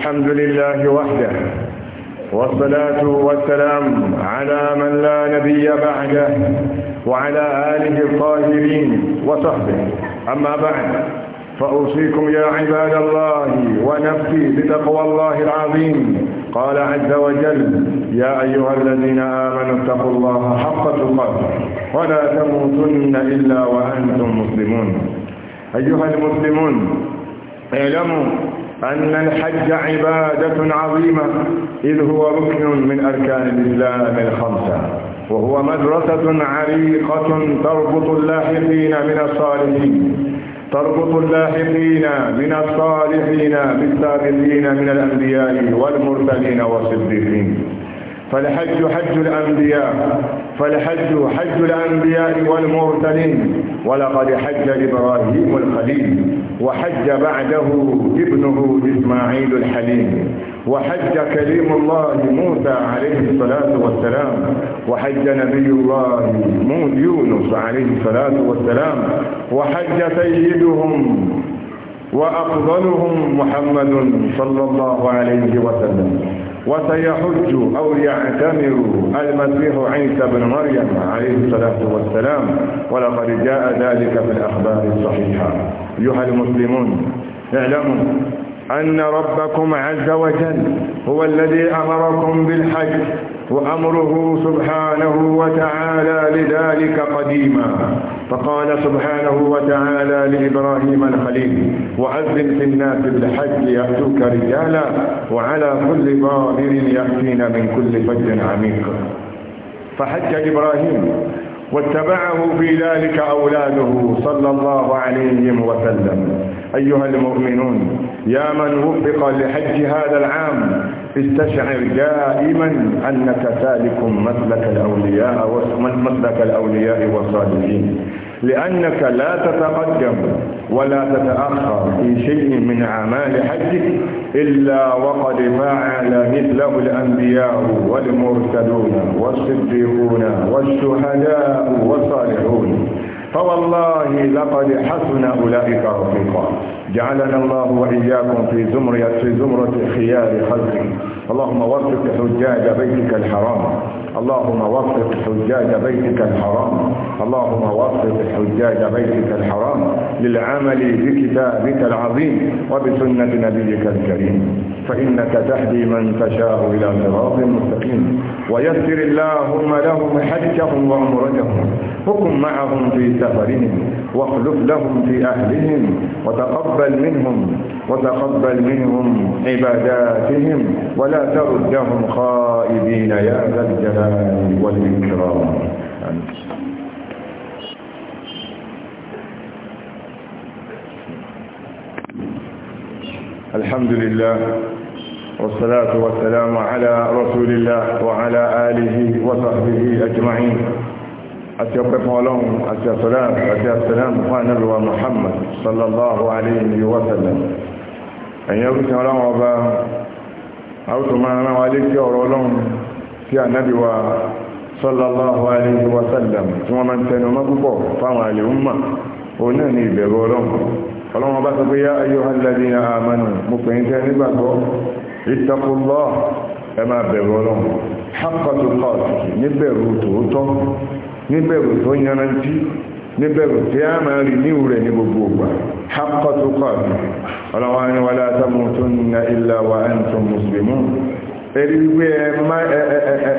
الحمد لله وحده والصلاة والسلام على من لا نبي بعده وعلى آله الطاهرين وصحبه أما بعد فأوصيكم يا عباد الله ونفسي بتقوى الله العظيم قال عز وجل يا أيها الذين آمنوا اتقوا الله حق تقاته ولا تموتن إلا وأنتم مسلمون أيها المسلمون اعلموا أن الحج عبادة عظيمة إذ هو ركن من أركان الإسلام الخمسة وهو مدرسة عريقة تربط اللاحقين من الصالحين تربط اللاحقين من الصالحين بالسابقين من الأنبياء والمرسلين والصديقين فالحج حج الأنبياء فالحج حج الأنبياء والمرسلين ولقد حج إبراهيم الخليل وحج بعده ابنه إسماعيل الحليم وحج كريم الله موسى عليه الصلاة والسلام وحج نبي الله يونس عليه الصلاة والسلام وحج سيدهم وأفضلهم محمد صلى الله عليه وسلم وسيحج أو يعتمر المسيح عيسى بن مريم عليه الصلاة والسلام ولقد جاء ذلك في الأخبار الصحيحة أيها المسلمون اعلموا أن ربكم عز وجل هو الذي أمركم بالحج وأمره سبحانه وتعالى لذلك قديما فقال سبحانه وتعالى لإبراهيم الخليل وأذن في الناس بالحج يأتوك رجالا وعلى كل ضامر يأتين من كل فج عميق فحج إبراهيم واتبعه في ذلك أولاده صلى الله عليه وسلم أيها المؤمنون يا من وفق لحج هذا العام استشعر دائما أنك سالك مسلك الأولياء والصالحين لأنك لا تتقدم ولا تتأخر في شيء من أعمال حجك إلا وقد فعل مثله الأنبياء والمرسلون والصديقون والشهداء والصالحون فوالله لقد حسن أولئك رفيقا جعلنا الله وإياكم في زمرة في زمرة خيار خلقه اللهم وفق حجاج بيتك الحرام اللهم وفق حجاج بيتك الحرام اللهم وفق حجاج بيتك الحرام للعمل بكتابك العظيم وبسنة نبيك الكريم فإنك تهدي من تشاء إلى صراط مستقيم ويسر اللهم لهم حجهم وعمرتهم حكم معهم في سفرهم واخلف لهم في أهلهم وتقبل منهم وتقبل منهم عباداتهم ولا تردهم خائبين يا ذا الجلال والإكرام الحمد لله والصلاة والسلام على رسول الله وعلى آله وصحبه أجمعين àti ọpẹ́ fún ọlọ́run àti àsàlámù àti àsàlámù fún ànábìwá Muhammad sallallahu alayhi wa sallam ẹ̀yìn ọdún ọlọ́run ọba àwùjọ máa rán wa létí ọ̀rọ̀ ọlọ́run tí ànábìwá sallallahu alayhi wa sallam tí wọ́n máa ń tẹnu ọmọ púpọ̀ fáwọn àlè umma náà ní ìbẹ̀rù ọlọ́run níbẹ̀rù tó yanrantí níbẹ̀rù tí a máa rí níwù rẹ̀ ní gbogbo ògbà hakọ́tukọ̀tù ọlọ́wọ́ ni wà látàmù tó nà ilà wà ẹ̀ntù mùsùlùmù ẹ̀rí wípé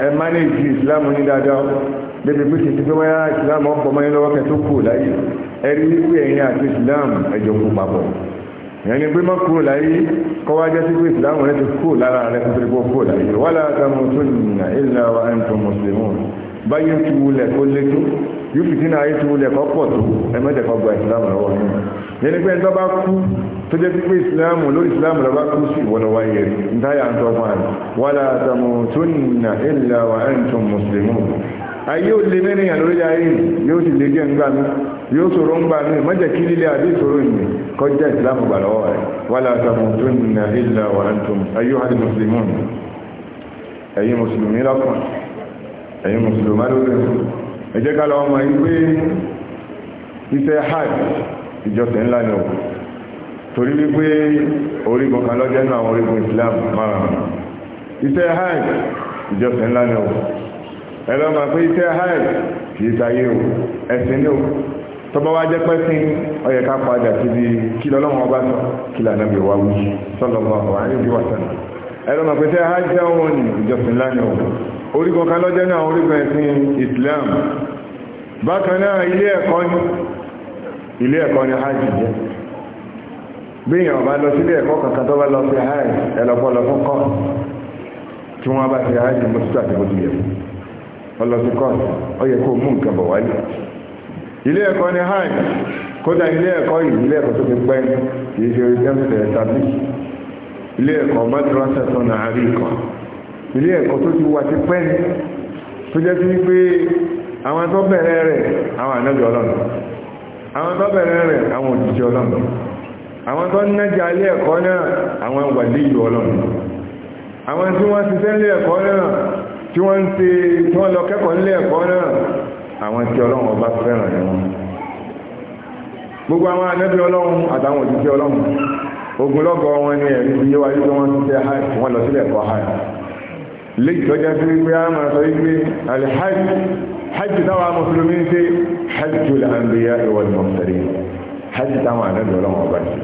ẹ mánéjì ìsìlámù ní dáadáa débi pé kìí pé wáyá ìsìlámù ọ̀pọ̀ mọ́ ilọ́wọ́ kẹtó kù láyé ẹ̀rí wípé ẹ̀yìn àti ìsìlámù ẹjọ́ kú papọ̀ ìyẹn gbé má kúrò láyé tó kúrò láyé báyé ti wulẹ̀ kó lé tó yóò fi sínú ayé ti wulẹ̀ kó pọ̀ tó ẹ̀mẹ́tẹ̀ kó gba ìsìlámù lọ́wọ́ ní yẹn ni pé nígbà bá kú tó jẹ́ pípé ìsìlámù lórí ìsìlámù lọ́wọ́ kú sí ìwọ́n lọ́wọ́ ayé rí ntáyà ń tọ́kọ́ àná wàlá tamutunna illa wa antum muslimun ayé ò lè mẹ́rin yàn lórí ayé yóò sì lè jẹ́ ńgbà mi yóò sọ̀rọ̀ ńgbà mi mọ́jẹ̀ kí lílé àbí ìṣòro ìyìn kọjá ìsìlámù gbà lọ́wọ́ rẹ̀ wàlá tamutunna illa wa antum ayyuhal muslimun ẹ̀yin mùsùlùmí lọ́kàn ẹ̀yin mùsùlùmá lórí ẹ jẹ́ ká lọ ọmọ yìí pé iṣẹ́ hajj ìjọsìn ńlá ni torí wípé orígun kan lọ́jẹ́ náà àwọn orígun Islam márùn-ún iṣẹ́ hajj ìjọsìn ńlá ni ò ẹ lọ máa pé iṣẹ́ hajj kì í sáyé ò ẹ̀sìn ni ò tọ́ba wá jẹ́ pẹ́ sí ó yẹ orígun kan lọ́jẹ́ náà orígun ẹ̀sìn Islam bákan náà ilé ẹ̀kọ́ ni ilé ẹ̀kọ́ ni hajj jẹ́ bí èèyàn bá lọ sílé ẹ̀kọ́ kankan tó bá lọ sí hajj ẹlọpọlọ fún kọ́ tí wọ́n bá ti hajj mọ́sítà àti bóti yẹ ọlọ́sí kọ́ ọ yẹ kó mú nǹkan bọ̀ wálé ilé ẹ̀kọ́ ni hajj kódà ilé ẹ̀kọ́ yìí ilé ẹ̀kọ́ tó fi pẹ́ kì í ṣe orí jẹ́ ilé ẹ̀kọ́ mọ́tò tó nà rí kan ilé ẹ̀kọ́ tó ti wà ti pẹ́ ni tó jẹ́ sí pé àwọn tó bẹ̀rẹ̀ rẹ̀ àwọn ànábì ọlọ́run àwọn tó bẹ̀rẹ̀ rẹ̀ àwọn òjìjì ọlọ́run àwọn tó nájà ilé ẹ̀kọ́ náà àwọn wàlíyù ọlọ́run àwọn tí wọ́n ti sẹ́ ẹ̀kọ́ náà tí wọ́n ti tí wọ́n lọ kẹ́kọ̀ọ́ ilé ẹ̀kọ́ náà àwọn tí ọlọ́run ọba fẹ́ràn ni wọn gbogbo àwọn ànábì ọlọ́run àtàwọn òjìjì ọlọ́run ogunlọ́gọ̀ wọn ni ẹ̀rí yíwájú tó wọ́n ti sẹ́ wọ́n lọ sílẹ̀ ẹ̀kọ́ hajj lè tọ́já sí wípé a máa sọ wípé alhajj hajj táwọn mùsùlùmí ń ṣe hajjul anbiya wal mursalin hajj táwọn ànábì ọlọ́wọ́n ọba ṣe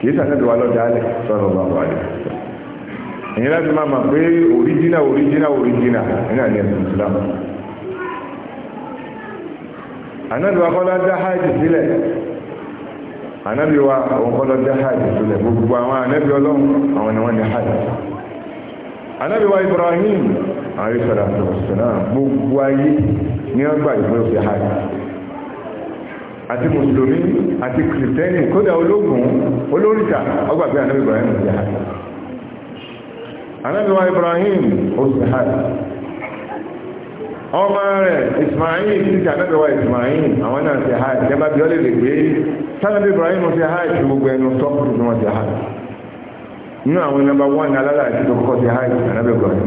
kì í sànábì wa lọ́jà alẹ́ sọ́nà ọba ọba alẹ́ èyí láti máa mọ̀ pé òríjínà òríjínà òríjínà iná ní ẹ̀sìn Islam ànábì wa kọ́lá dá hajj sílẹ̀ ànábì wa kọ́lá dá hajj sílẹ̀ gbogbo àwọn ànábì ọlọ́run àwọn ni wọ́n ní hajj anábíwá Ibrahim àríṣàdà sọ̀rọ̀sọ̀nà gbogbo ayé ní ọgbà ìgbóòfẹ́ hajj àti mùsùlùmí àti kìrìtẹ́nì kódà ológun olóríta ọgbàgbé anábí Ibrahim ti hajj anábíwá Ibrahim ó sì hajj ọmọ rẹ̀ Ismail títí anábíwá Ismail àwọn náà ti hajj jẹba bí ọ lè lè gbé sánábí Ibrahim ti hajj gbogbo ẹnu sọ́kùnrin wọn ti nínú àwọn nọmba wọn alára àti tọkọ ti hajj anábẹ́gbọ́ ni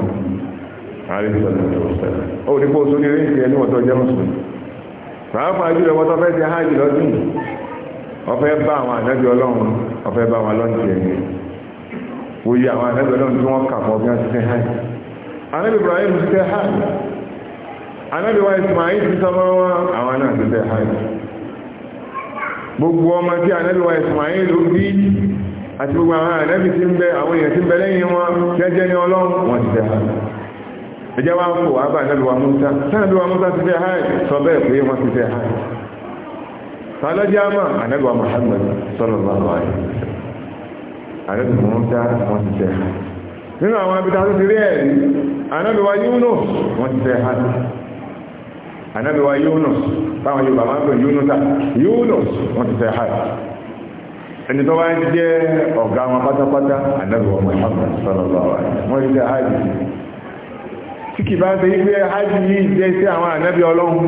ààrẹ ti sọ̀rọ̀ tó sẹ́lẹ̀ ó rí pé oṣù nílé ìṣẹ́ ní wọ́tọ̀ jẹ́ mùsùlùmí pàápàá jùlọ wọ́n tọ́ fẹ́ ti hajj lọ́dún ọ̀fẹ́ bá àwọn ànábì ọlọ́run ọ̀fẹ́ bá wọn lọ́ǹtì ẹ̀mí òye àwọn ànábì ọlọ́run tí wọ́n kà fún ọbí wọn ti fẹ́ hajj ànábì Ibrahim ti fẹ́ hajj ànábì wa Ismail ti sọ mọ́ àwọn náà ti fẹ́ hajj gbogbo ọmọ tí ànábì wa Ismail ló bí àti gbogbo àwọn ànábì tí ń bẹ àwọn èèyàn tí ń bẹ lẹ́yìn wọn jẹ́jẹ́ ní ọlọ́run wọ́n ti tẹ̀ ẹjẹ́ wá ń kò wá bá ànábì wa Mùsá sánàbí wa Mùsá ti fẹ́ háì sọ bẹ́ẹ̀ pé wọ́n ti fẹ́ háì sálọ́jà mà ànábì wa Muhammad sallallahu alaihi ànábì Mùsá wọ́n ti fẹ́ háì nínú àwọn abita tó ti rí ẹ̀rí ànábì wa Yúnus wọ́n ti fẹ́ háì ànábì wa Yúnus táwọn Yorùbá máa ń pè Yúnus wọ́n ti fẹ́ ẹni tó bá ń jẹ́ ọ̀gá wọn pátápátá ànábìwọ̀n Muhammad sallallahu alaihi wasallam wọ́n ti jẹ́ hajj tí kì bá ṣe wípé hajj yìí jẹ́ sí àwọn ànábì ọlọ́run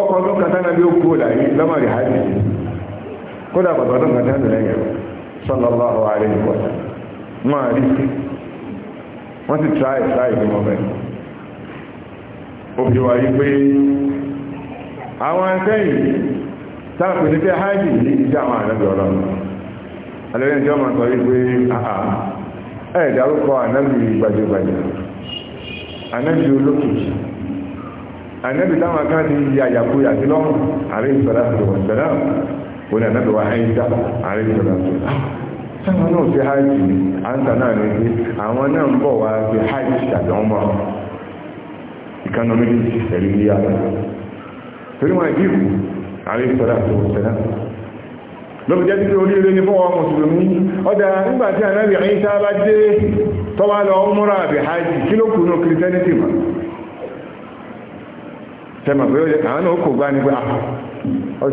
ọkọ̀ ọdún kàtà náà bí ó kú láyé lọ́mọ̀rí hajj kódà pàtó ọdún kàtà náà lẹ́yìn rẹ̀ sallallahu alaihi wasallam wọ́n àrí sí wọ́n ti tráì tráì wà yí pé àwọn akẹ́yìn táàpì ní pé àwọn ọlọ́run alẹ́yìn tí wọ́n máa sọ wípé ẹ̀ dárúkọ ànábì gbajúgbajà ànábì olókìkí ànábì táwọn kan ti yà yàkuyà sí lọ́rùn àrí ìsọ̀rọ̀ àti ìwọ̀n ìsọ̀rọ̀ wọn ànábì wa ẹ̀yìn dá àrí ìsọ̀rọ̀ àti sáwọn náà ti hajj àǹtà náà ní pé àwọn náà ń bọ̀ wá sí hajj tàbí ọmọ ìkànnà méjì ẹ̀rí yíyá torí wọn ìdí ìkù àrí ìsọ̀rọ̀ àti lóbi jẹ́ títí oríire ní fọ́wọ́ mùsùlùmí ọdá nígbàtí ànábì Ìsá bá dé tọ́wà lọ múra àbí hajj kí ló kùnú kìrìsẹ́nìtì mọ̀ tẹ́mà pé àwọn náà gbá ọ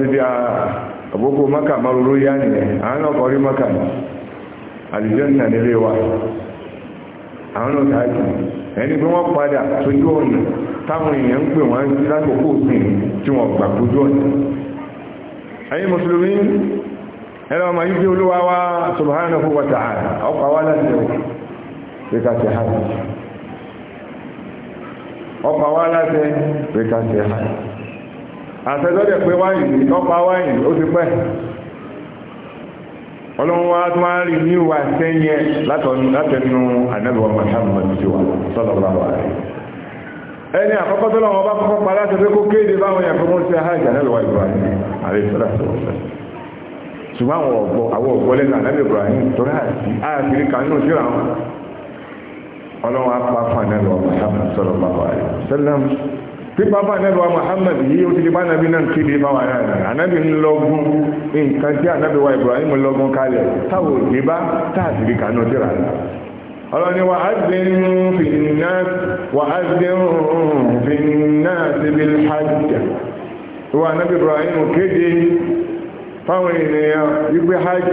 àbókò maka maruru yá nìyẹn àwọn náà maka àlùjànnà nílé wa àwọn náà sáájú ẹni pé wọ́n padà sójú ọ̀nà táwọn èèyàn ń pè wọ́n tí wọ́n gbà ẹ̀rọ ma yíké olúwa wá subhanahu wa ta'ala ọkọ̀ wá láti ẹ̀wọ̀ pẹ̀ka sí hajj ọkọ̀ wá láti pẹ̀ka sí hajj àtẹ́lọ́dẹ̀ pé wáyìí ọkọ̀ wáyìí ó ti pẹ́ ọlọ́run wa tó máa rí ní ìwà sẹ́yẹ látẹnu ànẹ́bọ̀ Muhammad tí wà sallallahu alaihi ẹni àkọ́kọ́ tó lọ́wọ́ bá kọ́kọ́ pa pé kó kéde báwọn yàn mọ́ sí hajj ànẹ́bọ̀ Ibrahim àrẹ́sọ́lá sọ́lọ́lá ṣùgbọ́n àwọn ọ̀gbọ́ àwọn ọ̀gbọ́ lẹ́nu ànábì Ibrahim torí àti àfíríkà nínú síra wọn ọlọ́run apá fún ànábì wa Muhammad sọ̀rọ̀ bàbá rẹ̀ sẹ́lẹ̀m pípa fún ànábì wa Muhammad yìí ó ti di bánabi náà kéde báwa náà ànábì ńlọgún nǹkan tí ànábì wa Ibrahim lọgún kalẹ̀ táwọn òde bá táàfíríkà nínú síra rẹ̀ ọlọ́ni wà á dé wa ànábì Ibrahim nwere ènìyàn igwe hajj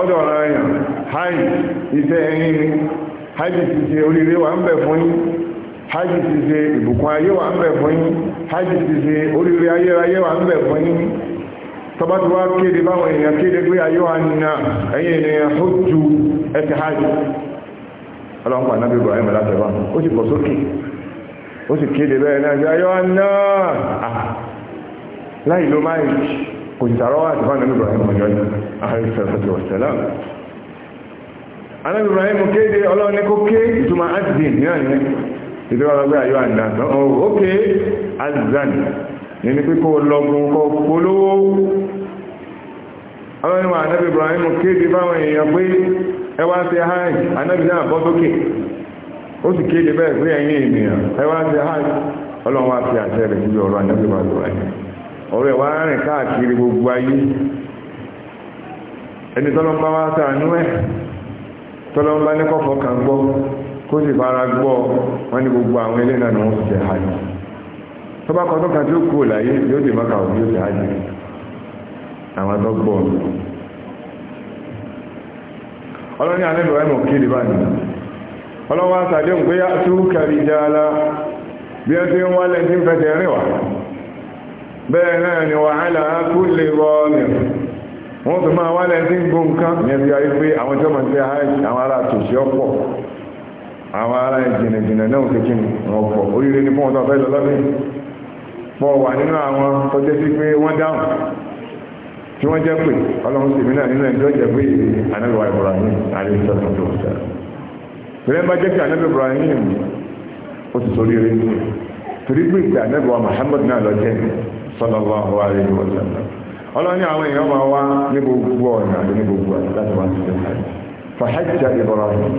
ọdọ̀ ọ̀rọ̀ hajj ise ẹni hajj ti ṣe oríire wà ń hajj ti ṣe ibukwa ayé wà ń hajj ti ṣe oríire ayérayé wà ń fún kéde báwọn kéde gbé ayé wa nà ẹ̀yìn ènìyàn tó ju ẹsẹ̀ hajj ọlọ́run pa nábì Ibrahim látẹ̀wá ó sì pọ̀ sókè ó sì kéde bẹ́ẹ̀ náà ayé wa ah, láì ló máa kò sì Ibrahim ọjọ́ ààrẹ sẹ́lẹ̀sẹ́lẹ̀ wọ̀sẹ̀lẹ̀m anábì Ibrahim kéde ọlọ́run azin oh, azan Ibrahim ọlọ́run wá fi àṣẹ rẹ̀ ọ̀rọ̀ ọ̀rẹ́ wa rìn káàkiri gbogbo ayé ẹni tọ́lọ́mbá wá sàánú ẹ̀ tọ́lọ́mbá ní kọ́kọ́ kan gbọ́ kó sì fara gbogbo àwọn ilé náà ni wọ́n ti jẹ́ hajj tó bá tí ó kú láyé yóò dé mọ́ka òbí ó ti hajj àwọn tó gbọ́ ọlọ́ni kéde báyìí ọlọ́wọ́ kẹrì jẹ́ bí bẹ́ẹ̀ náà ni wà á làá kú lè rọ mẹ́rin wọ́n tó máa wálẹ̀ tí ń gbó nǹkan yẹn fi ayé pé àwọn tí ó máa ń tẹ́ àwọn ará tòṣì ọ̀pọ̀ àwọn ará ìjìnlẹ̀jìnlẹ̀ náà ti kí ni wọ́n pọ̀ oríire ní fún ọ̀tọ̀ ọ̀fẹ́ lọ lọ́dún pọ̀ wà nínú àwọn tó jẹ́ sí pé wọ́n dáhùn jẹ́ sallallahu alaihi wa sallam ọlọ́ni àwọn èèyàn máa wá ní gbogbo ọ̀nà àti ní gbogbo ọ̀nà láti wá sí ṣe hajj fàájà Ibrahim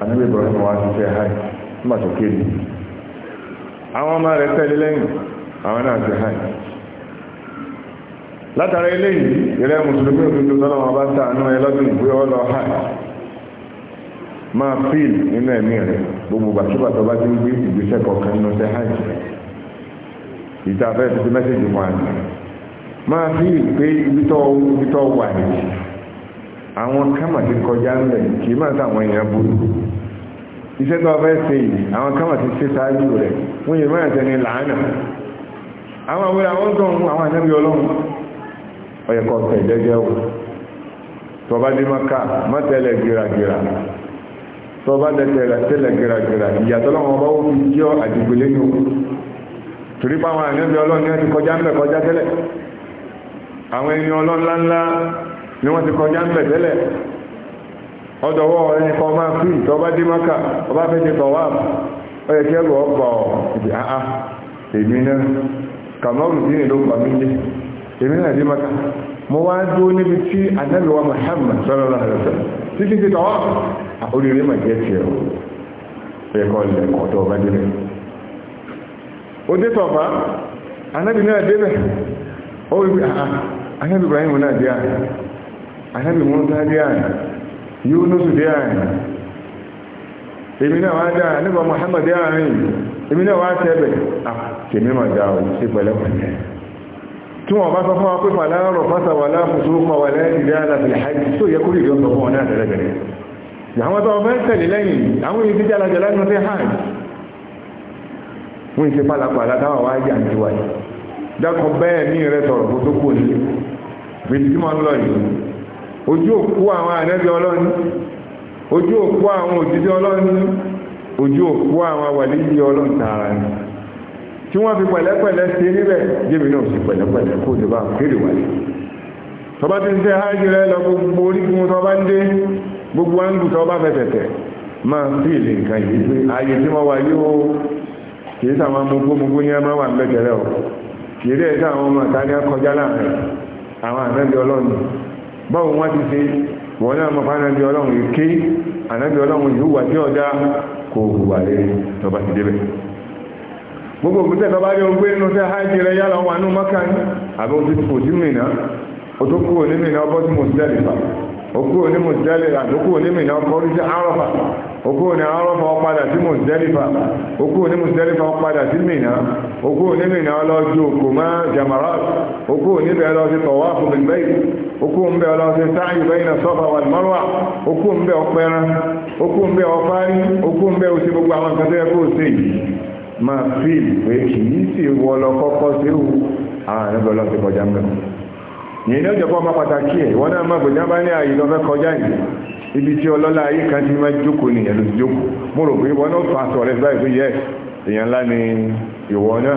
anábì wá sí ṣe nígbà tó kéde àwọn ọmọ rẹ̀ tẹ̀lé lẹ́yìn àwọn náà ṣe hajj látara eléyìí ìrẹ́ mùsùlùmí òdodo bá sàánú ẹ lọ́dún ìgbé ọlọ́ máa fíìl nínú ẹ̀mí rẹ̀ gbogbo bá ti ń gbé ìgbésẹ̀ kọ̀ọ̀kan ìtafẹ́ ti mẹ́sẹ̀jì wọn ni máa fi pé ibitọ́ wà ní àwọn kámà ti kọjá ńlẹ̀ kì í máa sáwọn èèyàn burú iṣẹ́ tó fẹ́ ṣe yìí àwọn kámà ti ṣe sáájú rẹ̀ wọ́n yìí máa tẹni làánà àwọn àwọn àwọn tó ń àwọn ànábì ọlọ́run ọ̀yẹ̀kọ̀ tẹ̀lẹ́gẹ́ o tọba dé maka má tẹ̀lẹ̀ gíragíra tọba tẹ̀lẹ̀ gíragíra ìyàtọ̀ lọ́wọ́ bá wọ́n fi jẹ́ àdìgbélé ní torí pa àwọn ànábì ọlọ́run ní wọ́n ti kọjá ń bẹ̀ kọjá tẹ́lẹ̀ àwọn ẹni ọlọ́run ni wọ́n ti kọjá ń bẹ̀ tẹ́lẹ̀ ọdọ̀wọ́ ẹni kan máa fi ìtọ́ bá dé máka ọba fẹ́ ṣe tọ̀wá ọ yẹ kí ẹrù ọgbà ọ̀ ìdí àá èmi náà kàmọ́rù dín ìlú pa mí jẹ èmi náà dé máka mo wá dúró níbi tí ànábì Muhammad sallallahu alaihi wasallam títí ti tọ̀wá ó dé tọ̀fà anábì náà débẹ̀ ó wípé anábì ah, Ibrahim náà dé àyè anábì Musa dé àyè Yunus dé àyè èmi náà wá dá anábì Muhammad dé àyè èmi náà wá tẹ́bẹ̀ ah, tèmi mà dá o sí pẹ̀lẹ́pẹ̀lẹ́ tí wọ́n bá sọ fún wa pé fàlárọ̀ fásawàlá fòsúrúkọ wà lẹ́yìn ìdí àlàfẹ́ ìhàjì tó yẹ kúrò ìjọ sọ fún wọn náà tẹ́lẹ̀bẹ̀rẹ̀ àwọn tó ọmọ ẹ̀ tẹ̀lé lẹ́yìn àwọn ìdíjà alájọ wọ́n ìṣe pálapàla táwọn wá jà ń ti wáyé dákọ̀ bẹ́ẹ̀ ní rẹ sọ̀rọ̀ kó tó kù lọ yìí ojú òkú àwọn ànẹ́bí ọlọ́run ojú òkú àwọn òjijì ọlọ́run ojú òkú àwọn wàlíyí tààrà ni tí wọ́n fi pẹ̀lẹ́pẹ̀lẹ́ sí níbẹ̀ jẹ́mi náà sì pẹ̀lẹ́pẹ̀lẹ́ kó lè bá kéde wáyé ti ṣe hájú rẹ lọ gbogbo orígun tọba ń dé gbogbo àǹgù tọba máa ń fi kìí ma mugbómugbó ní ẹmọ wà ń o kìí rẹ̀ sàwọn ọmọ àtàrí na láàrin àwọn ànábì ọlọ́run báwo wọ́n ti ṣe wọn náà mọ̀ fánàbí ọlọ́run yìí ké ànábì ọlọ́run yìí hùwà tí ọ̀dá kò hùwà lé tọba ti gbogbo òkúta rẹ yálà nù mọ́kà ní ti mìíràn o tó kúrò ní mìíràn ọbọ̀ kúrò ní ní mìíràn ọkọ̀ okú ní Àrọ́fà ọpadà sí Muzdalifa okú ní Muzdalifa ọpadà sí Mínà okú ní Mínà ọlọ́jú òkú mọ́ Jamarat okú níbẹ̀ lọ sí tawafu bil bayt okú ń bẹ̀ lọ sí sa'yu bayna Safa wal Marwa okú kọjá ibi tí ọlọ́lá ayé kan ti máa jókòó nìyẹn ló ti jókòó mo rò pé wọn náà fa aṣọ rẹ báyìí pé yẹ èèyàn ńlá ni ìwọ náà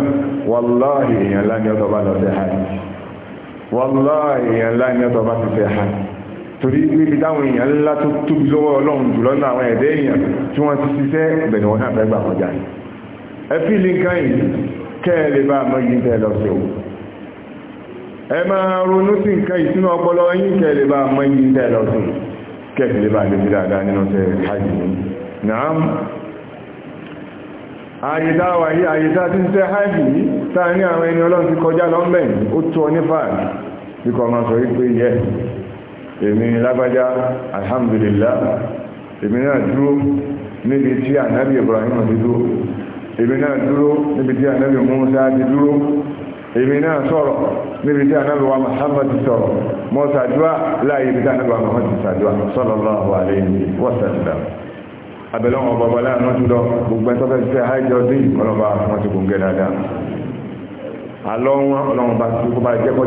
wàláhì èèyàn ńlá ni ọtọ bá lọ sí hajj wàláhì èèyàn ńlá ni ọtọ bá ti fẹ́ hajj torí níbi táwọn èèyàn ńlá tó tóbi lọ́wọ́ ọlọ́run jùlọ náà àwọn ẹ̀dẹ́ èèyàn tí wọ́n ti ṣiṣẹ́ bẹ̀rẹ̀ wọn náà fẹ́ kọjá ni ẹ fi linkan yìí kẹ́ ẹ lè bá a mọ́jú tẹ́ lọ sí o ẹ máa ronú sí nǹkan ìsinú ọpọlọ yín kẹ́ ẹ lè bá a mọ́jú tẹ́ lọ sí o kẹ́ẹ̀kì lè bá lè fi dáadáa nínú tẹ́ hajj ní naam àyíká wà yí àyíká tí ń tẹ́ hajj yìí táà ní àwọn ẹni ọlọ́run ti kọjá lọ́mbẹ̀ ó tọ́ ní fàájì bí kọ máa sọ wípé yẹ èmi lágbájá alhamdulillah èmi náà níbi tí anábì wa Muhammad sọ̀rọ̀ mọ́ sàdúrà láàyè ibi tí anábì wa Muhammad sàdúrà sallallahu alayhi wa sallam abẹ́lẹ́ ọmọ bàbá láàánú jùlọ gbogbo ẹ̀tọ́fẹ́ ti fẹ́ àìjọ dé ọlọ́ba wọn ti gùn gẹ́dà dáa àlọ́ wọn ọlọ́run bá ti kó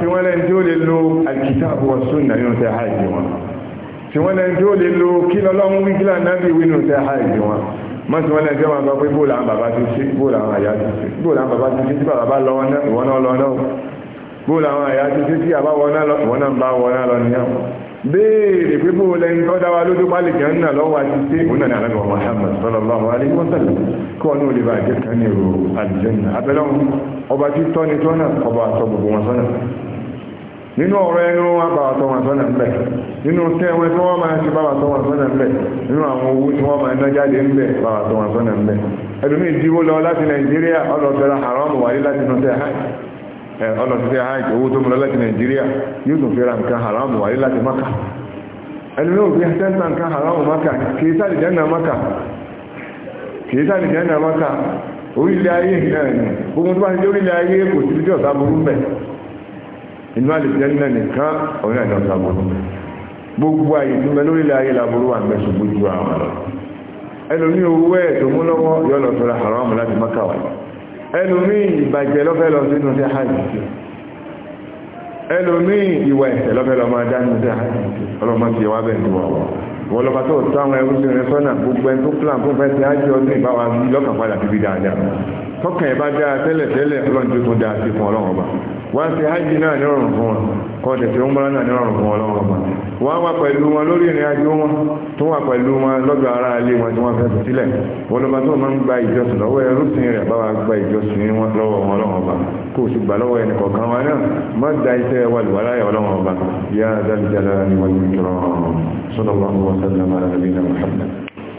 sí wọ́n lẹ́ni tí ó lè lo alkitabu wa sunna nínú tẹ́ àìjẹ wọn tí wọ́n lẹ́ni tí ó lè lo kí lọ́lọ́run wí gílà náà bí wínú tẹ́ àìsí wọn má sì wọ́n lẹ́ni tí wọ́n sọ pé bóòlù àwọn bàbá ti ṣe bóòlù àwọn àyà ti ṣe bóòlù àwọn bàbá ti ṣe tí bàbá bá lọ wọn náà ìwọ náà lọ náà bóòlù àwọn àyà ti ṣe tí àbá wọn náà lọ ìwọ náà bá wọn náà lọ nìyàwó béèrè pé bó lẹ́yìn tó dáwà lójú pálì jẹ́ ńnà lọ́wọ́ àti tí òun náà àlẹ́gbọ̀n Muhammad sallallahu alaihi wasallam kí wọn náà lè bá àjẹ́ kan ní èrò àlùjẹ́ náà abẹ́lẹ́wọ̀n ọba tí tọ́ni tọ́nà ọba àtọ́ gbogbo wọn sọ́nà nínú ọ̀rọ̀ ẹnu wọn bàbà tọ́ wọn sọ́nà ńbẹ̀ nínú tẹ́ wọn tí wọ́n máa ṣe bàbà tọ́ wọn sọ́nà ńbẹ̀ nínú àwọn owó tí wọ́n máa ná jáde ńbẹ̀ bàbà tọ́ wọn sọ́nà ńbẹ̀ ẹlòmí ìdíwó lọ láti nàìjíríà ọlọ́tẹ̀rẹ̀ haram wà ní láti nùtẹ̀ hajj ọlọ́tẹ̀rẹ̀ hajj owó tó mú lọ láti nàìjíríà yóò tún fẹ́ra nǹkan haram wà ní láti maka ẹlòmí òfin tẹ́sán nǹkan haram maka kìí sáà lìjánà maka kìí sáà lìjánà maka orílẹ̀ ayé náà ni gbogbo tó bá ti dé orílẹ̀ ayé kò sí inú àlùjẹ́nà nìkan ọ̀rẹ́ àjọta burú gbogbo àyè tó mẹ lórílẹ̀ ayé laburú wà mẹ́ ṣùgbọ́n ju àwọn lọ ẹlòmí owó ẹ̀ tó mú lọ́wọ́ yọ lọ sọ́ra haram láti mọ́kà wáyé ẹlòmí ìbàjẹ́ lọ́fẹ́ lọ sínú sí hajj ẹlòmí ìwà ẹ̀ṣẹ̀ lọ́fẹ́ lọ máa dánú sí hajj ọlọ́mọ ti wá bẹ̀ ní wọ̀wọ̀ wọ́n lọ́pàá ọdún tọ́kàn ẹ̀ bá dáa tẹ́lẹ̀ tẹ́lẹ̀ ọlọ́run tó tún dáa sí fún ọlọ́run ọba wá sí hajj náà ní ọ̀rùn fún wọn kọ́ tẹ̀sẹ̀ ń bọ́lá náà ní ọ̀rùn fún ọlọ́run ọba wọ́n wá pẹ̀lú wọn lórí ìrìn àjò wọn tó wà pẹ̀lú wọn lọ́dọ̀ ara ilé wọn tí wọ́n fẹ́ fi sílẹ̀ wọn lọ́ba tó máa ń gba ìjọsìn lọ́wọ́ ẹrúsìn rẹ̀ bá wa gba ìjọsìn wọn lọ́wọ́ wọn ọlọ́run ọba kó o sì gbà lọ́wọ́ ẹnì kọ̀ọ̀kan wa náà má da iṣẹ́ wa lù wá ọba yá dáadáa ní